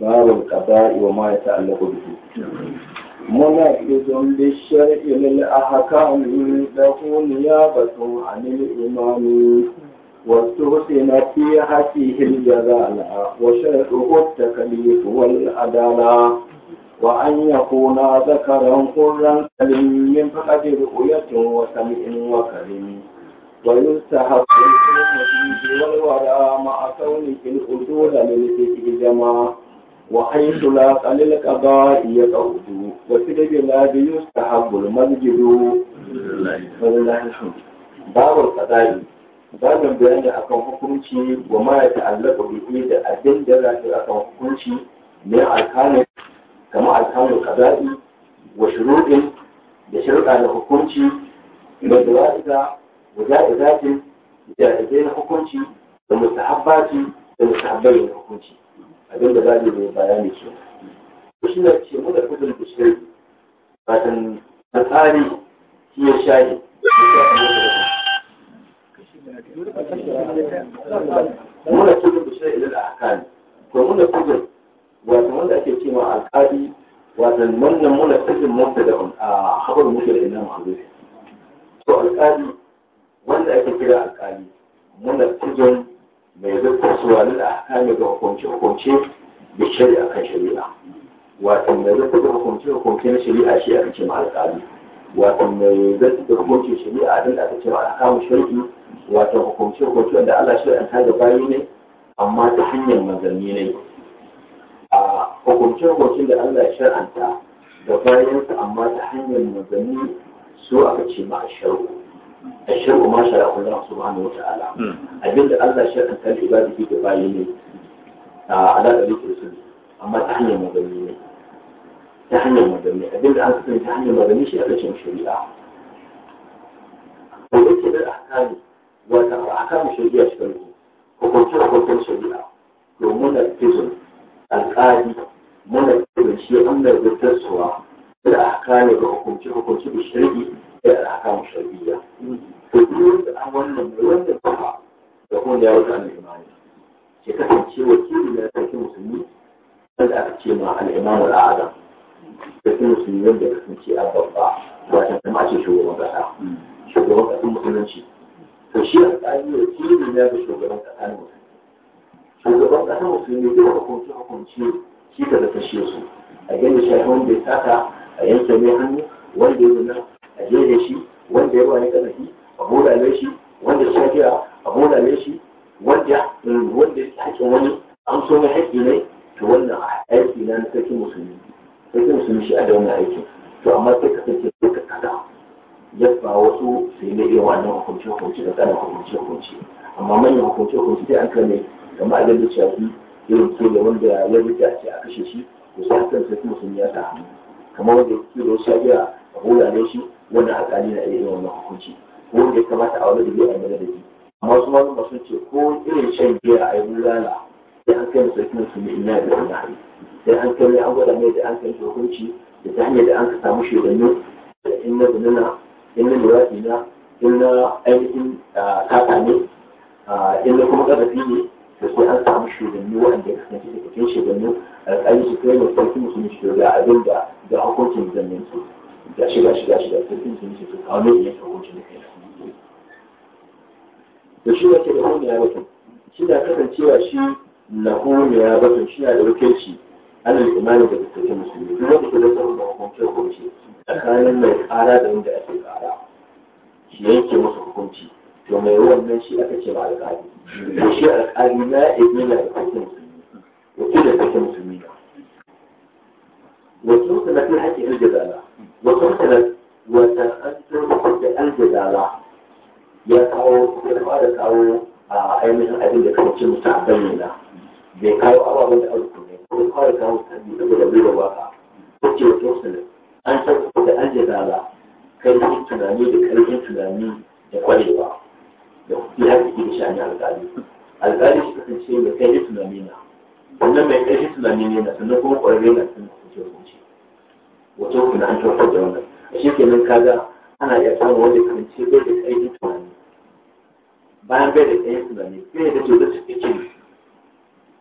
babu kadai wa ma ya ta'allaku bi don da sharri ne a haka mun da ku ne ya batu anil imani wa tuhti na fi haki wa sharru qutta kali wal adala wa an yakuna zakaran qurran min faqade ruyatu wa sami'in wa karimi wa yusaha wa yusawwa ma asawni kin udu da ne ke jama'a وحيث لا قل القضاء يقعد وفي البلاد يستحب المسجد ولله الحمد باب القضاء babin bayani akan hukunci wa ma ya ta'allaka bihi da abin da ya akan hukunci ne alkanin kama alkanin kaza'i wa shuruɗin da shirka da hukunci da dawa'iza wa hukunci da da hukunci abin da zaɓi mai bayani ko shi ne ce kudin da kudin ba ta na tsari shi ya shayi muna kudin da ne da a ne ko muna kudin wata wanda ake ce ma alƙali wata wannan muna kudin mota da a haɓar mutu da ina ma'azu to alƙali wanda ake kira alƙali muna kudin mai zartar suwa da ahkami ga hukunce-hukunce da shari'a kan shari'a wato mai zartar da hukunce-hukunce na shari'a shi aka ce ma alƙali wato mai zartar da hukunce shari'a don aka ce ma alƙamu shari'i wato hukunce-hukunce wanda Allah shari'a ta da bayi ne amma ta hanyar manzanni ne a hukunce-hukuncen da Allah ya shari'anta da bayansa amma ta hanyar manzanni su aka ce ma a shari'a الشرك ما شرعه الله سبحانه وتعالى أجل الله شرك كان عباده في باينه على طريق السنة أما تحني مدنية تحني مدنية أجل أن تكون تحني مدنية شيء على شيء شريعة ويأتي بالأحكام والأحكام الشرعية شكله وكنتم كنتم شريعة ومن الكزن القاضي من الكزن شيء أمر بالتسوى بالأحكام وحكمتي حكمتي بالشرعي الأحكام الشرعية dawo da al'imani ya kasance wakili na sarkin musulmi wanda aka ce ma al'imam al'adam sarkin musulmi wanda kasance a babba wata kuma ce shugaban kasa shugaban kasan musulunci to shi a tsari wakili na ga shugaban kasa musulmi. shugaban kasa musulmi zai hukunci hukunci shi ka da kashe su a gani shafi wanda ya saka a yanke mai hannu wanda ya zuna a je da shi wanda ya wani kanafi a hura shi da ya shafi irin ke da wanda ya rubuce a ce a kashe shi to sai kan sai kuma sun ya sa kamar wanda ya ke da wasu shafiya a hula ne shi wanda alƙali na iya wannan hukunci ko wanda ya kamata a wani da zai aimana da shi amma su ma sun ce ko irin shan giya a yi bulala sai an kai sai kuma sun yi ina da wani sai an kai an gwada mai da an kai hukunci da ta hanyar da an ka samu shugabanni da in na gunana in na lura in na ainihin ah, kaka ne ah, in na kuma ƙarfi ne da sai an samu shugabanni waɗanda ya kasance da cikin shugabanni alƙali su kai da sarki musulmi shi da abin da da hukuncin zannin su ga shi ga shi ga shi da sarki musulmi shi su kawo ne da hukuncin da kai da shi wace da hune ya batun shi na kasancewa shi na hune ya batun shi na da wakilci ana da imanin da sarki musulmi duk wanda ke da sarki da hukuncin hukunci tsakanin mai ƙara da wanda ake ƙara shi yanke musu hukunci to mai ruwan nan shi aka ce ma alƙali shi alƙali na ibi musulmi wasu wasu an ya kawo ya kawo a ainihin abin a bayyana bai kawo ababen da arziki ne ko fara da waka wasu an da tunani da ƙarfin tunani da ƙwarewa ya ake shi shani alƙali alƙali shi kasance mai kai tunani na Wannan mai kai tunani ne na sannan kuma ƙwararre na sun kasance hukunci wato kuna an kyautar da wannan a shi kenan kaga ana iya samun wanda ce bai da kai tunani bayan bai da kai tunani bai da cutar cikin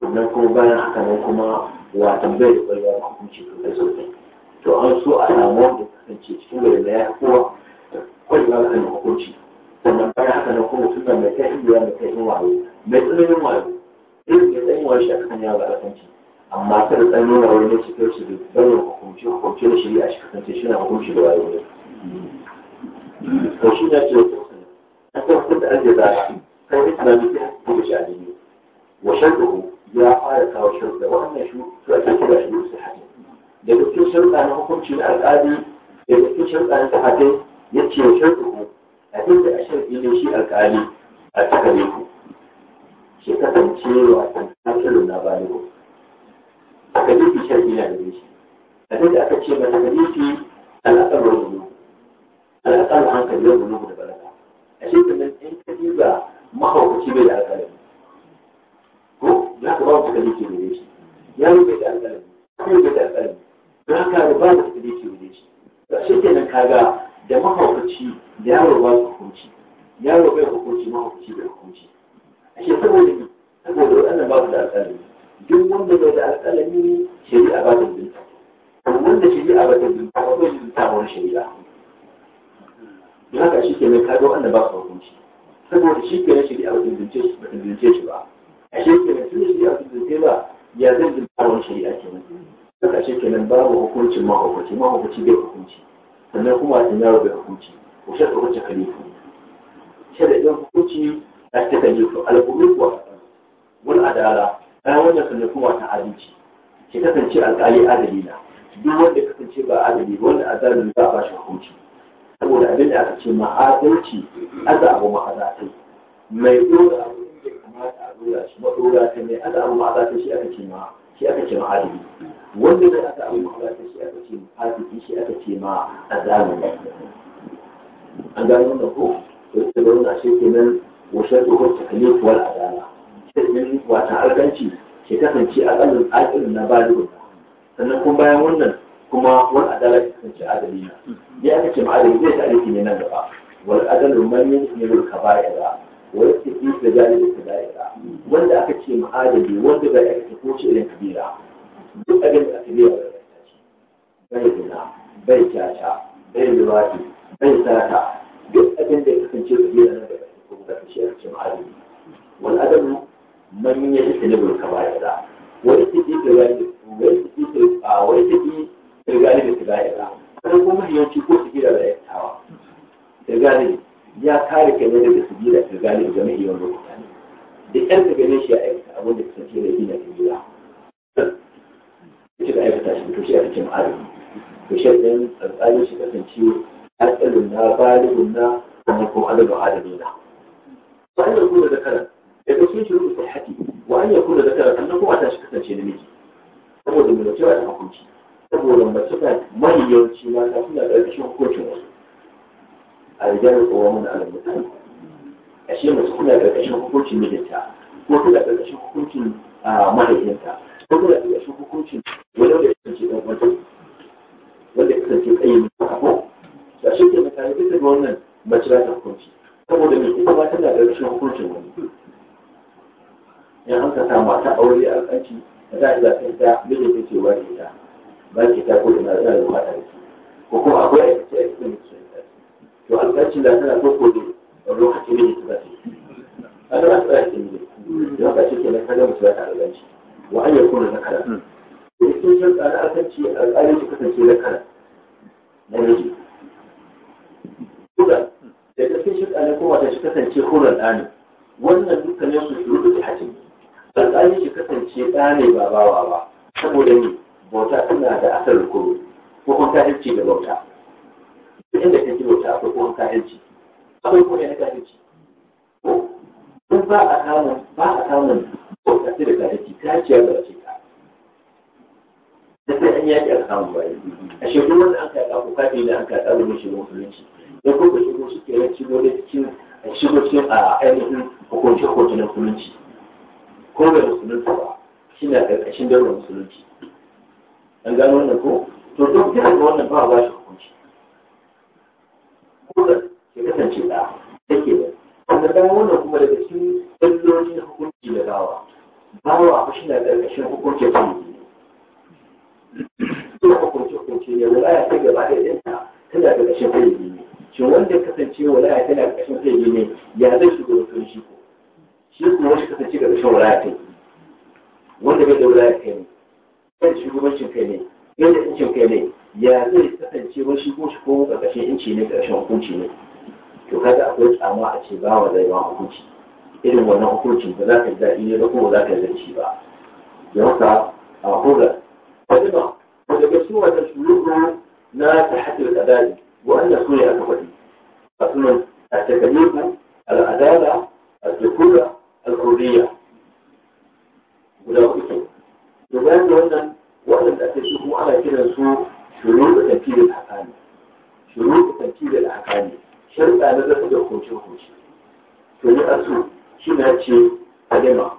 sannan kuma bayan haka nan kuma watan bai da ƙwararre hukunci kai sosai to an so a samu wanda kasance cikin bai na ya kowa ƙwararre na hukunci sannan bayan haka na kuma suna mai kai iya mai kai wayo mai tsananin wayo irin mai tsayin wayo shi a kan yawon alasanci amma kada tsanin wayo ne su kai su da bayan hukunci hukunci na shari'a shi kasance shi na hukunci da wayo ne. to shi ne ce kusa a kan kuɗa aljaza kan islami ta hukunci shi a jini wa sharɗu ya fara kawo sharɗa wannan shi su cikin kira shi su haɗe da dukkan sharɗa na hukunci na alƙali da dukkan sharɗa na sahabai ya ce sharɗu a inda a shan ilin shi alƙali a cika takare ku shi kasance wa tantarun na bani ku a kadifi shan ila da shi a da aka ce mata kadifi al'aƙar wa zulu al'aƙar hankali wa zulu da balaga a shi kamar in kadiba mahaukaci bai da alƙalami ko na ka ba mu ku kadifi da shi ya yi bai da alƙalami ko bai da alƙalami na ka ba ku kadifi da shi ba shi kenan ga. da mahaukaci da yaro ba su hukunci yaro bai hukunci mahaukaci bai hukunci ashe saboda ni saboda waɗannan ba su da alƙalami duk wanda bai da alƙalami shari'a ba ta bin wanda shari'a ba ta bin ba bai bin ta wani shari'a don haka shi ke mai kaga waɗanda ba su hukunci saboda shi ke na shari'a ba ta bince shi ba ta bince shi ba ashe ke mai tunda shari'a ba ta bince ba ya zai bin ta wani shari'a kenan haka shi ke nan babu hukuncin mahaukaci mahaukaci bai hukunci sannan kuma a tana rubuta hukunci ko shaɗa wacce shi da ɗin hukunci a ta kalifu alƙulu kuwa wani adala bayan wannan sannan kuma ta adalci ke kasance alƙali adali na duk wanda kasance ba adali wanda azalin za a ba shi hukunci saboda abin da aka ce ma'adalci aza abu ma'adatai mai ɗora abin da kamata a ɗora shi maɗora ta mai aza abu ma'adatai shi aka ce ma. shi aka ce mahadiri wanda zai aka abin mahalarta shi aka ce fasiki shi aka ce ma azalimi an gano da ko to ta zauna shi kenan washe tsohon takalif wal da shirin wata alganci ke kasance a ƙanin alƙin na ba balibu sannan kuma bayan wannan kuma wani adala ke kasance adali na ya aka ce ma'adali zai ta aliki ne nan gaba wani adalin manyan ne ka baya da wani tafi da jari da ka baya da wanda aka ce ma'adadi wanda bai ya ko koce irin kabila duk abin da aka biya bai gina bai caca bai lubaci bai sata duk abin da ya kasance kabila na bai ko da kashe aka ce ma'adadi wal adamu man ya yi tanibul kabaira wani take da gani da wani take da wani ta da gani da kabaira sai kuma yawanci ko su da yattawa da gani ya kare kai daga su gida da gani da yi wani lokaci duk yan ka shi ya aikata abin da kasance da ina da gida ya aikata shi to shi a cikin arziki to shi ɗin tsantsanin shi kasance asalin na balibin na sannan kuma na ya kuna zakaran ya ga sun shirin usai hati wa'an ya kuna zakaran kuma ta shi kasance saboda mai da hukunci saboda mace na mahiyanci mata suna ƙarƙashin hukuncin wasu a rigar da tsohon mutane ashe mace tana ƙarƙashin hukuncin mijinta ko tana ƙarƙashin hukuncin mahaifinta ko tana ƙarƙashin hukuncin wani da ya kasance ɗan wata wanda ya kasance tsaye ne ko da shi ke misali duk daga wannan mace za ta hukunci saboda mai ita ma tana ƙarƙashin hukuncin wani in an ka mata aure a kanci da za a zaɓe ta mijin ta ce wa ita ba ki ta ko ina za a zama ta ko kuma akwai aikace aikace da ke to alƙanci da tana so ko da lokaci ne su zafi kada ba su zafi ne da haka shi kenan kada mutum ya ƙara zanci wa an yakuna na kara da hmm. cikin shi tsada a kan ce alƙalin shi kasance na kara na miji kuma da ƙarfin shi tsada ko wata shi kasance hurar ɗani wannan dukkanin su shuru da hajji alƙalin shi kasance ɗane ba bawa ba saboda ni bauta tana da asalin kuma ko kuma ta da bauta inda kake bauta akwai kuma ta ka akwai kuma yana galici duk ba a samun ba a samun kokasi da galici ta ciyar da ce ka da sai an yaki a samun bayi a shekaru wanda an kaɗa ko kafin da an kaɗa wani shigo musulunci da ko shigo shi ke yanci ko da cikin shigo cikin a ainihin hukunci hukunce na musulunci ko da musulunci ba shi na ƙarƙashin daular musulunci an gano wannan ko to duk da wannan ba a ba shi hukunci dawo wannan kuma daga cikin illoli na hukunci da dawa, dawa ku shi na ƙarƙashin hukunci ta yi hukunci hukunci ne walaya ta gaba da yanta tana ƙarƙashin fayyaki ne shi wanda ya kasance walaya tana ƙarƙashin fayyaki ne ya zai shiga wasu shi ko shi kuma wasu kasance ƙarƙashin walaya ta yi wanda bai da walaya kai ne kan shi kai ne bai da kai ne ya zai kasance wasu ko shi ko ƙarƙashin inci ne ƙarƙashin hukunci ne akwai tsama a ce ba wa laiwa hukunci irin wannan hukuncin ba za ka daɗi ne ba kuma za ka zarci ba da haka a hura wani ba wanda ga su wata shuru na ta haɗe da ɗari wanda su ne aka faɗi a sunan a takalifu al'adala al-dukura al-kuriya guda uku ke da bayan da wannan waɗanda ake su kuma ana kiran su shuru da tafi da hakani shuru da tafi da hakani sharuɗa na zafi da hukunce-hukunce to yi asu shi na ce kadima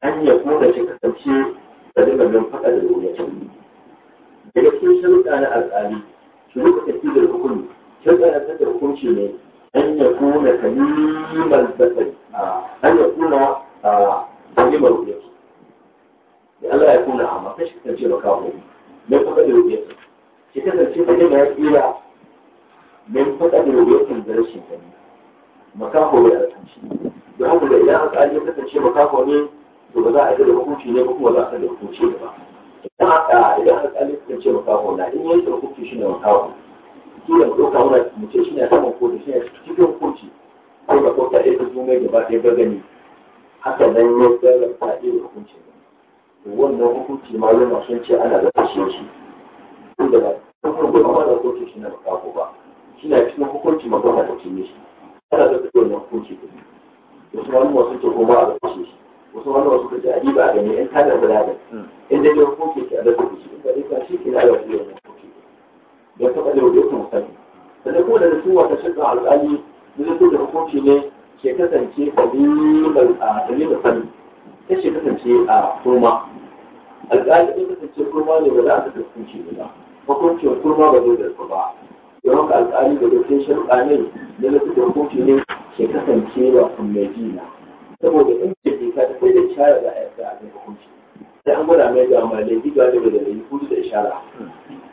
an yi kuma shi kasance kadima don faɗa da wuyacin daga cikin sharuɗa na alƙali shuruɗa tafi da hukun sharuɗa na zafi da hukunci ne an yi kuma kalimar zafi an hukunci ne ko za ka da hukunci ba idan haka idan alƙali suka ce makaho na in da hukunci shi ne makaho kila mu ɗauka muna mu ce shi ne saman kotu shi ne cikin hukunci ko da kota ɗaya ta zume gaba ɗaya ba gani haka nan ya zarrafa ɗaya hukunci wannan hukunci malama sun ce ana da kashe shi inda ba kuma ba ma da kotu shi ne makaho ba shi na cikin hukunci magana da cinye shi ana da kashe wannan hukunci da su malama sun ce kuma a da kashe shi wasu wanda wasu kaji a ba da ne in kada guda da in dai yau koke ke a da kuɗi in ka rika shi ke kina yau ki yau koke da ta kada wajen kuma sani sannan kuma da su wata shakka alƙali da su da hukunci ne ke kasance kalibar a da sani ta ce kasance a kurma alƙali ta kasance kurma ne ba za ta kasance ba hukuncin kurma ba zai zarfa ba don haka alƙali da dokin shirƙa ne da su da hukunci ne ke kasance ba kuma ji na saboda in ce ta riga ya sa a cikin hukunci sai an gwada mai ga mai laifi ga wajen da yi hudu da ishara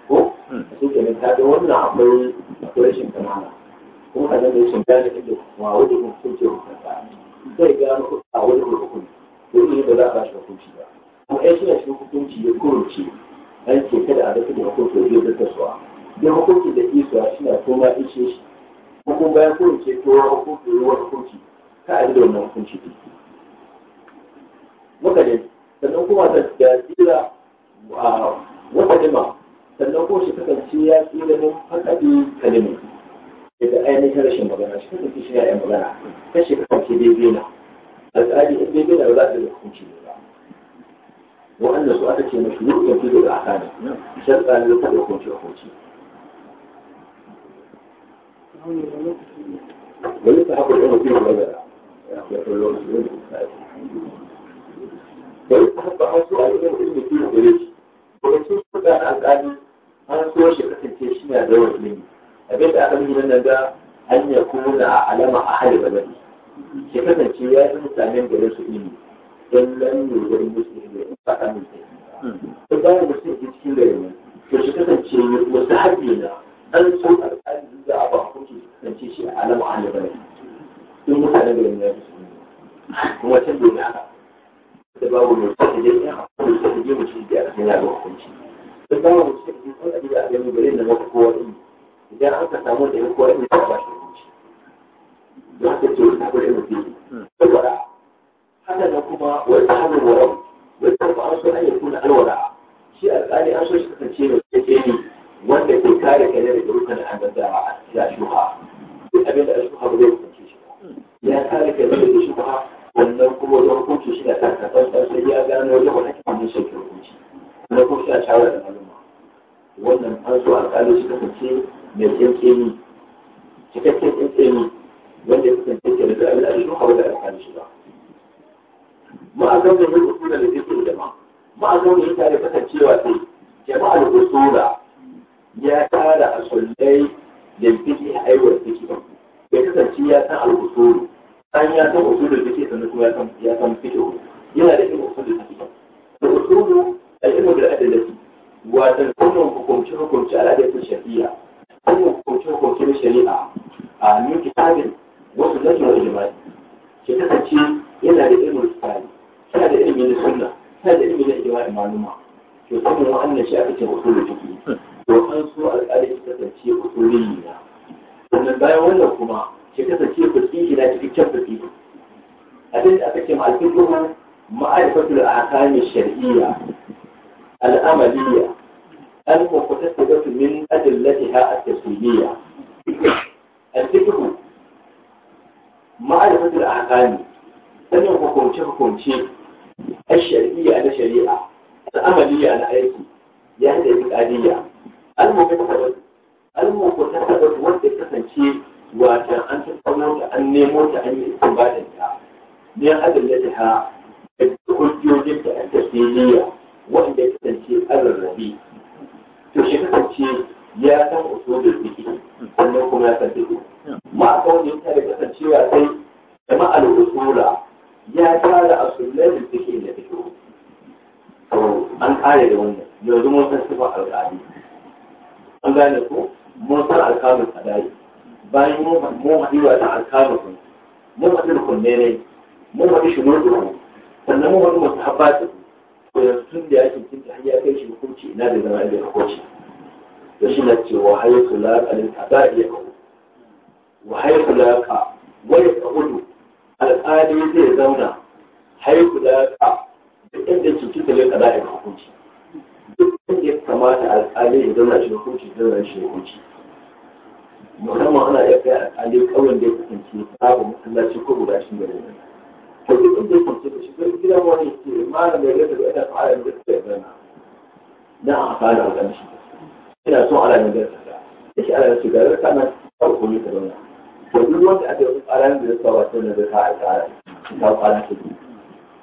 ko su ke nan ta ga wannan akwai akwai rashin kamala kuma kanan da rashin gane inda kuma wani hukunci hukunta zai gano a wajen da hukunci ko ne ba za a ba shi hukunci ba kuma ya shi na cikin hukunci ya kurce ولسه حاطط له فيه ولا يقول له ولسه حتى حصل على ابن فيه وليش ولسه بقى قال أنا صور شركة تيشين أدور مني أبيت أقل من أن ده أن يكون علامة أحد بلدي شكرا شيئا مستعمل جلسه إني إن لم يوجد مسلم فأنا مسلم فبقى مسلم في تشكيل يومي to shi kasance mustahabi na an so alƙalin da zance shi a alama an da bane duk mutane da yanzu ya fi kuma can domin haka da babu mai ta da ya haƙuri sai ta je mutum da ya yana da hukunci duk babu mutum da ya san abin da abin da bare da maka kowa ɗin idan an ka samu da ya kowa ɗin ya ba shi hukunci don haka ce wata kwarai mutum saboda haka nan kuma wata hannun warau wata kuma an so an yi kuna alwara shi alƙali an so shi kasance mai tsaye ne wanda ke kare kare daga dukkan hannun a ya shuha duk abin da shuha ba zai hukunce shi ya kare kare daga shuha wannan kuma wajen hukunci shi da takasar sai ya gano wajen wani kimanin sauki hukunci na kuma shi a shawara da malama wannan an so alƙali shi kasance mai tsintsini cikakken tsintsini wanda ya kasance ke da abin da shuha ba da alƙali shi ba ma'azan da ya rufu da da zai ke da ma ma'azan da ya kare kasancewa sai jama'ar usula ya tara a sullai da fiki a aiwar fiki ya kasance ya san al'usulu an ya san da fiki sannan kuma ya san ya san fiki yana da ilmin usulul fiki da usulu al'ilmu bil adillati wato kullum hukunci hukunci su shari'a kullum hukunci hukunci na shari'a a new kitabin wasu nashi wani jima'i. ya kasance yana da ilmin tsari yana da ilimin sunna yana da ke wa'in maluma to sanin wa'annan shi cikin ce da fiki domin su alƙali su kasance usuliyyi na sannan bayan wannan kuma shi kasance fasiki na cikakken fasiki abin da aka ce ma alfiqhu ma'arifatul ahkam shar'iyya al'amaliyya al-muqtasibatu min adillatiha at-taswiyya alfiqhu ma'arifatul ahkam sanin hukunce hukunce na shari'a. على na aiki ya أيدي يعني القادية almukutasabatu almukutasabatu wanda kasance wata an tattauna da an nemo ta an yi istinbadin ta ne adalla ta da hujjojin da aka siriya wanda ya kasance ararrabi to shi kasance ya san usulul fiqh sannan kuma ya san fiqh ma ka wani yana da kasancewa sai jama'al usula ya tara asulul fiqh da fiqh to an kare da wannan yanzu mun san sifar alqadi an gane ko mun san alkanun adayi bayan mun haɗi wa ta ku mun haɗi rukunne ne mun haɗi shi mun sannan mun haɗi masu haɓɓa ko yanzu tun da yakin cin ta hanyar kai shi hukunci ina da zama da hukunci da shi na cewa hayar kula ka ne ta za iya kawo wa hayar kula ka wani kahudu alƙali zai zauna hayar kula ka da inda cikin da ya a ya hukunci ya kamata alƙalin ya zauna shi hukunci zauna shi hukunci musamman ana iya kai alƙalin kawai da ya kasance babu masallaci ko guda shi gari ne ko duk inda ya kasance da shi ko gidan wani ke malam ya gasa da ina so ala ne gasa zana na amfani da ganshi ina so ala ne gasa da yake ala shi shiga rarka na kawo kuma ta zauna to duk wanda aka yi ala ne da ya sa wata na da ta aika ala ta kawo ala ta biyu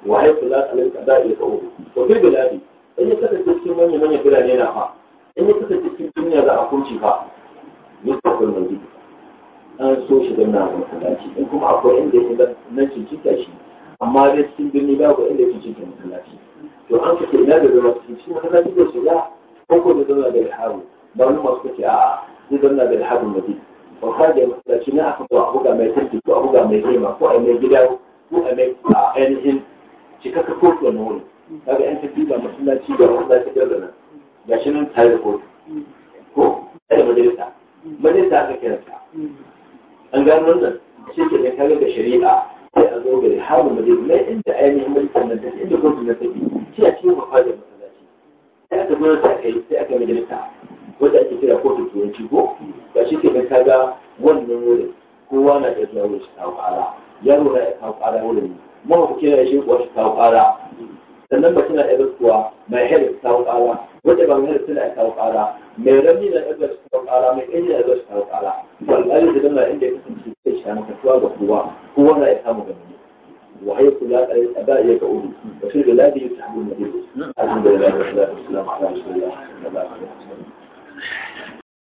wa haifula alaihi kada ya kawo to bai biladi in ya kasance cikin manya manya birane na fa in ya kasance cikin duniya za a kunci fa ne ta kullum ji an so shi zanna a masallaci in kuma akwai inda ya nan cikin kashi amma dai cikin birni babu inda ya cikin masallaci to an kace ina da zama musulunci ko ba shi ke ka ga wannan wurin kowa na iya zuwa wurin shi kawo ƙara yaro na iya wurin mu na kira shi ko shi kawo sannan ba suna da kuwa mai hel kawo wanda ba mai hel suna iya mai rami